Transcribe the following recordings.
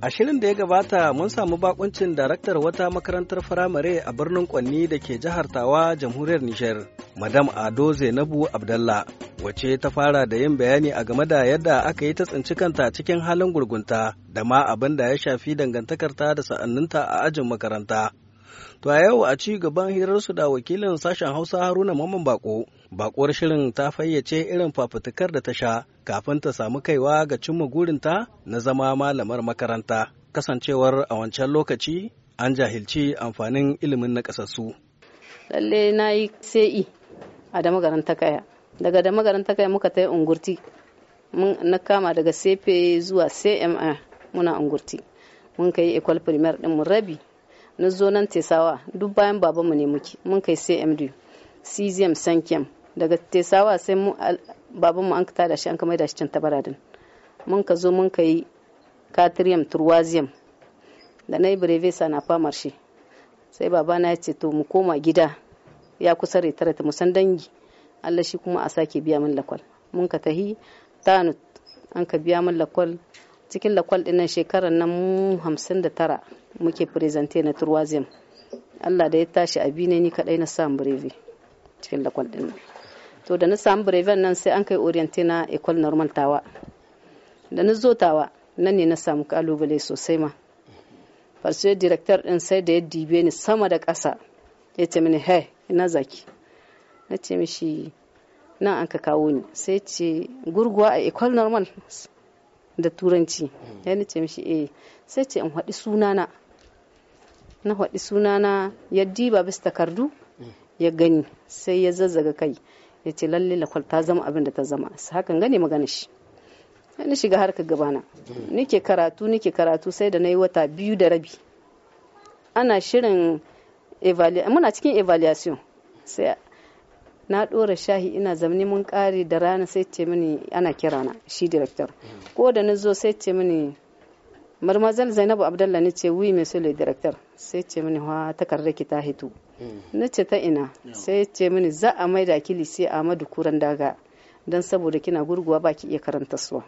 A shirin da ya gabata mun samu bakuncin daraktar wata makarantar firamare a birnin Kwanni da ke jihar Tawa, jamhuriyar Nijar, Madam Ado Zainabu Abdalla, wace ta fara da yin bayani a game da yadda aka yi ta tsinci kanta cikin halin gurgunta da ma abin da ya shafi dangantakarta da sa'anninta a ajin makaranta. To a yau a ci gaban hirarsu da wakilin sashen Hausa Haruna Mamman Bako bakuwar shirin ta fayyace irin fafutukar da ta sha kafin ta samu kaiwa ga cimma gurinta na zama malamar makaranta kasancewar a wancan lokaci an jahilci amfanin ilimin na kasassu lalle na yi sai e a da magaranta kaya daga da magaranta kaya muka ta yi ungurti na kama daga sefe zuwa cma muna ungurti mun kai ecole primaire din mu rabi na zo tesawa duk bayan babanmu ne muke mun kai cmd cesium sankem. daga tesawa sai mu baban mu an ka da shi an ka da shi can tabaradin mun ka zo mun ka yi katriyam turwaziyam da na yi brevesa na famar shi sai babana ya ce to mu koma gida ya kusa retara ta musan dangi Allah shi kuma a sake biya min lakwal mun ka tahi tanu an ka biya min lakwal cikin lakwal dinnan shekarar nan mu hamsin da tara muke presente na turwaziyam Allah da ya tashi abi ne ni kadai na samu breve cikin lakwal dinnan to da na samu breven nan sai an kai oriente na ecole normal tawa da na zo tawa nan ne na samu kalubale sosai ma farce director din sai da ya dibe ni sama da kasa ya ce mini he ina zaki na ce mishi nan an ka kawo ni sai ce gurguwa a ecole normal da turanci ya ni ce mishi eh sai ce in haɗi sunana na haɗi sunana ya diba bis takardu ya gani sai ya zazzaga kai ya ce lalle lakwal ta zama abin da ta zama hakan gane magana shi ni shiga harkar gabana nike karatu nike karatu sai da na yi wata biyu da rabi ana shirin muna cikin evaluation sai na ɗora shahi ina zamani mun kare da rana sai ce mini ana kirana shi director ko da na zo sai ce mini mademoiselle zainabu abdallah ne ce mai mai le directeur sai ce mini wa takardar ki ta hito mm. na ce ta ina sai ce mini za a maida ki lise madu kuran daga dan saboda kina gurguwa baki iya karanta suwa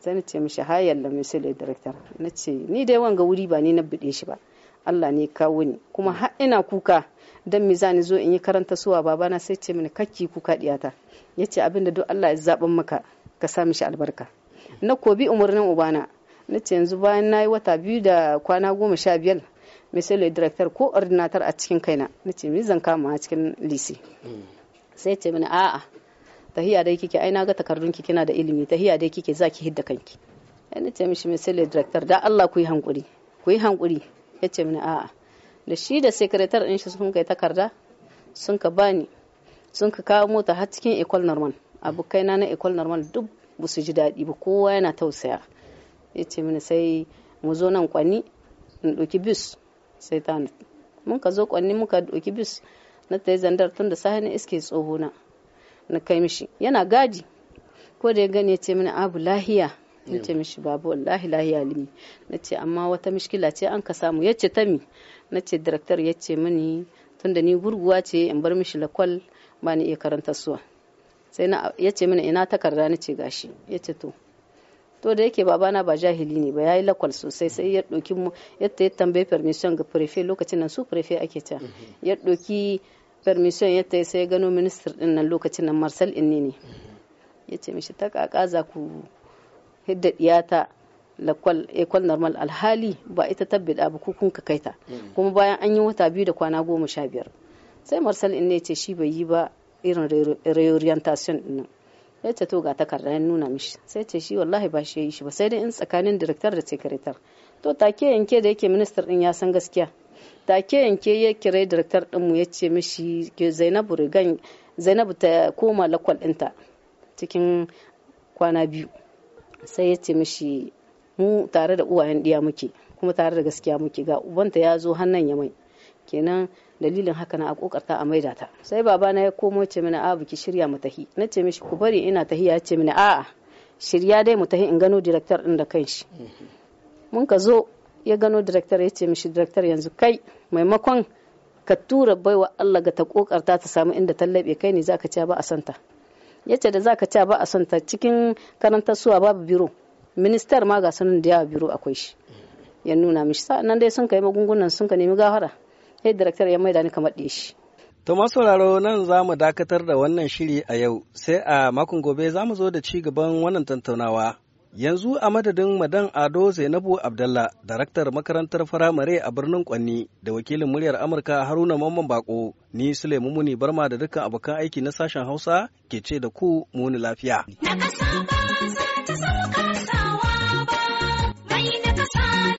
sai na ce mishi ha yalla monsieur le directeur na ce ni dai wanga wuri ba ni na bude shi ba Allah ne kawo ni kuma har ina kuka dan me za ni zo in yi karanta suwa babana sai ce mini kakki kuka diyata yace abinda duk Allah ya zaben maka ka sa mishi albarka na kobi Umarnin ubana na ce yanzu bayan na yi wata biyu da kwana goma sha biyar misali director ko ordinator a cikin kaina na ce mi zan kama a cikin lisi sai ce mini a'a tahiya dai kike ai na ga takardun ki kina da ilimi tahiya dai kike za ki hidda kanki ai na ce mishi misali director da Allah ku yi hankuri ku yi hankuri ya ce mini a'a da shi da secretary din shi sun kai takarda sun ka bani sun ka kawo mota har cikin ecole normal abokaina na ecole normal duk ba su ji daɗi ba kowa yana tausaya ya ce mini sai mu zo nan kwanni in ɗauki bis sai ta mun ka zo kwanni muka ɗauki bis na ta yi zandar tun da sahi na iske tsoho na na kai mishi yana gadi ko da ya gani ya ce mini abu lahiya na ce mishi babu wallahi lahiya limi na ce amma wata mishkila ce an ka samu ya ce ta mi na ce director ya ce mini tun da ni gurguwa ce in bar mishi lakwal ba ni iya karanta suwa sai ya ce mini ina takarda na ce gashi ya ce to to da yake babana ba jahili ne ba yi lakwal sosai sai ya doki mu yadda ya tambaye permission ga prefe lokacin nan su prefe ake ta ya doki permission yadda sai gano minister din nan lokacin nan marcel inni ne ya ce mishi ta kaka ku hidda diyata lakwal ekwal normal alhali ba ita tabbida ba ku kun ka kaita kuma bayan an yi wata biyu da kwana goma sha biyar sai marcel inni ce shi bai yi ba irin reorientation din nan ya ce to ga takarda ya nuna mishi sai ce shi wallahi ba shi ya yi shi ba sai dai in tsakanin direktar da sekretar to take yanke da yake ministar din ya san gaskiya take yanke ya kira direktar din mu ya ce mishi Zainabu Rigan Zainabu ta koma lakwal dinta cikin kwana biyu sai ya ce mishi mu tare da uwayen diya muke kuma tare da gaskiya muke ga ubanta ya zo hannun ya mai kenan dalilin haka na a kokarta a maida ta sai babana ya komo ce mini a biki shirya mu tahi na ce mishi ku bari ina tahi ya ce mini a'a shirya dai mu tahi in gano director din da kanshi mun ka zo ya gano director ya ce mishi director yanzu kai maimakon ka tura baiwa Allah ga ta kokarta ta samu inda tallabe kai ne zaka ci ba a santa yace da zaka ci ba a santa cikin karantar suwa babu biro ministar ma ga sanin da yawa biro akwai shi ya nuna mishi sa'an nan dai sun kai magungunan sun ka nemi gafara yadda daraktar ya maida ni kamar ɗishi. To sauraro nan za mu dakatar da wannan shiri a yau sai a makon gobe za mu zo da ci gaban wannan tattaunawa. Yanzu a madadin Madan Ado Zainabu Abdallah, daraktar makarantar firamare a birnin Kwanni da wakilin muryar Amurka Haruna Mamman Bako, ni Sulaimu Muni Barma da dukkan abokan aiki na sashen Hausa ke ce da ku muni lafiya. Na